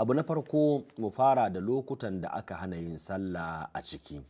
abu na farko mu fara da lokutan da aka hana yin sallah a ciki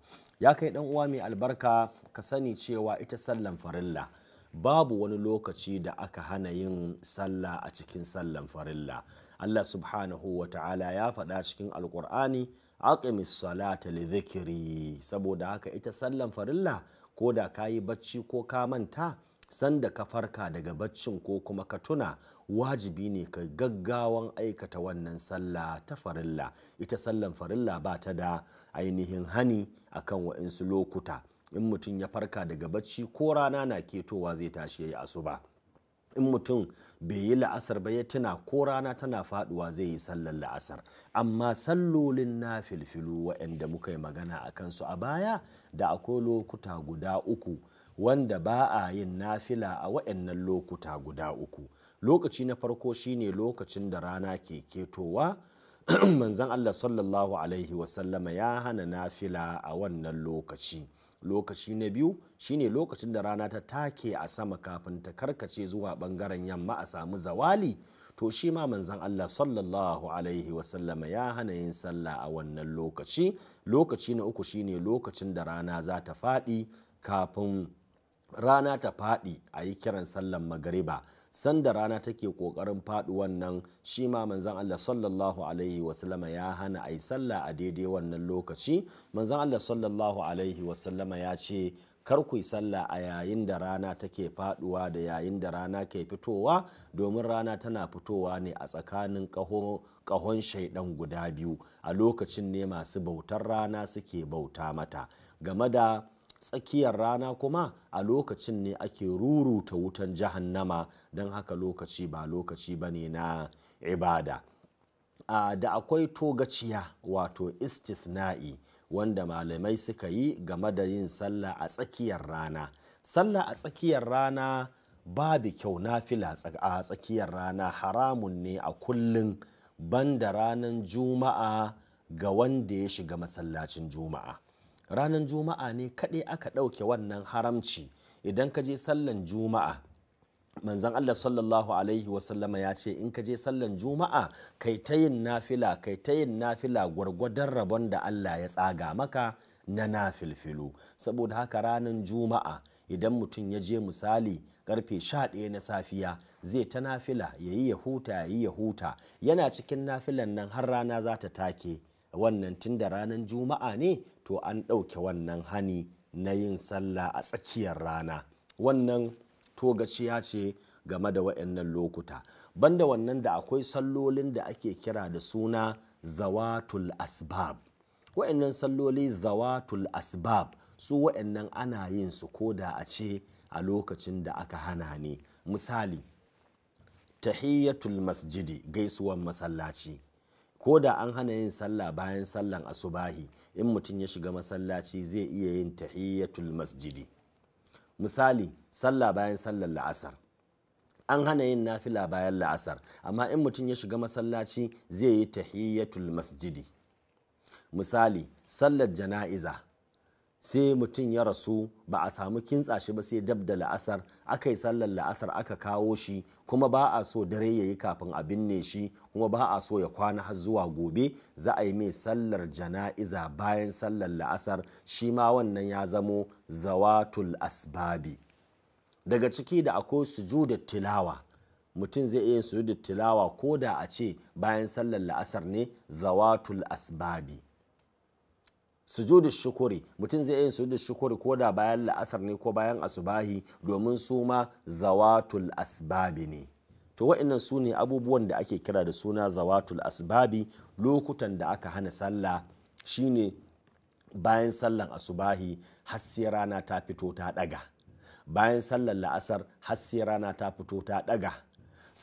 ya kai dan uwa mai albarka ka sani cewa ita sallan farilla babu wani lokaci da aka hana yin sallah a cikin sallan farilla Allah subhanahu wa ta'ala ya faɗa cikin alkur'ani aqimis salata li dhikri saboda haka ita sallan farilla ko da kayi bacci ko ka manta sanda ka farka daga baccin ko kuma ka tuna wajibi ne ka gaggawan aikata wannan sallah ta farilla ita sallan farilla ba ta da ainihin hani a kan wa'insu lokuta in mutum ya farka daga bacci ko rana na ketowa zai tashi ya yi asuba in mutum bai yi la'asar ba ya tuna ko rana tana faduwa zai yi sallar la'asar amma sallolin na filfilu waɗanda muka yi magana a kansu a baya da akwai lokuta guda uku wanda ba a yin nafila a waɗannan lokuta guda uku lokaci na farko shine lokacin da rana ke ketowa manzan Allah sallallahu alaihi wasallama ya hana nafila a wannan lokaci lokaci na biyu shine lokacin da rana ta take a sama kafin ta karkace zuwa bangaren yamma a samu zawali to shi ma manzan Allah sallallahu alaihi wasallama ya hana yin sallah a wannan lokaci lokaci na uku shine lokacin da rana za ta faɗi kafin rana ta faɗi a yi kiran sallan magariba sanda rana take ƙoƙarin faɗi wannan shi ma manzan Allah sallallahu alaihi wasallama ya hana a yi sallah a daidai wannan lokaci manzan Allah sallallahu alaihi wasallama ya ce kar ku yi sallah a yayin da rana take faɗuwa da yayin da rana ke fitowa domin rana tana fitowa ne a tsakanin ƙahon shaidan guda biyu a lokacin ne masu bautar rana suke bauta mata game da tsakiyar rana kuma a lokacin ne ake ruruta wutan jahannama don haka lokaci ba lokaci ba ne na ibada da akwai togaciya wato istisna'i wanda malamai suka yi game da yin sallah a tsakiyar rana sallah a tsakiyar rana ba da kyau na nafila a tsakiyar rana haramun ne a kullum banda ranar juma'a ga wanda ya shiga masallacin juma'a ranar juma'a ne kaɗai aka ɗauke wannan haramci idan ka je sallan juma'a manzan Allah sallallahu alaihi wasallama ya ce in ka je sallan juma'a kai ta yin nafila kai ta yin nafila gwargwadon rabon da Allah ya tsaga maka na nafilfilu saboda haka ranar juma'a idan mutum ya je misali karfe 11 na safiya zai ta nafila ya yi ya huta ya yi ya huta yana cikin nafilan nan har rana za ta take wannan tun da ranar juma'a ne to an ɗauke wannan hani na yin sallah a tsakiyar rana wannan togaciya ce game da waɗannan lokuta banda wannan da akwai sallolin da ake kira da suna zawatul asbab wa'annan salloli zawatul asbab su wa'annan ana yin su ko da a ce a lokacin da aka hana ne misali tahiyatul masjidi gaisuwan masallaci ko da an hana yin sallah bayan sallan asubahi in mutum ya shiga masallaci zai iya yin tahiyyatul masjidi misali sallah bayan sallar la'asar an hana yin nafila bayan la'asar amma in mutum ya shiga masallaci zai yi tahiyyatul masjidi misali sallar jana'iza sai mutum ya rasu ba a samu kintsa shi ba sai dab da la'asar aka yi sallar la'asar aka kawo shi kuma ba a so dare ya yi kafin a binne shi kuma ba a so ya kwana har zuwa gobe za a yi mai sallar jana'iza bayan sallar la'asar shi ma wannan ya zamo zawatul asbabi daga ciki da akwai suju da tilawa mutum zai iya da tilawa ko da a ce bayan sallar la'asar ne zawatul asbabi sujudu shukuri mutum zai yin sujudu shukuri ko da bayan la'asar ne ko bayan asubahi domin su ma zawatul asbabi ne to wa'annan su ne abubuwan da ake kira da suna zawatul asbabi lokutan da aka hana sallah shine bayan sallan asubahi har rana ta fito ta daga bayan sallan la'asar har rana ta fito ta daga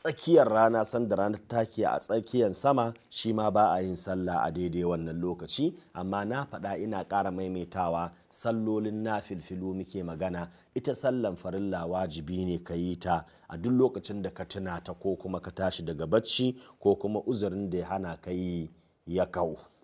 tsakiyar rana sanda ranar take a tsakiyar sama shi ma ba a yin sallah a daidai wannan lokaci amma na faɗa ina ƙara maimaitawa sallolin na filfilu muke magana ita sallan farilla wajibi ne ka yi ta a duk lokacin da ka tuna ta ko kuma ka tashi daga bacci ko kuma uzurin da ya hana ka yi ya kau.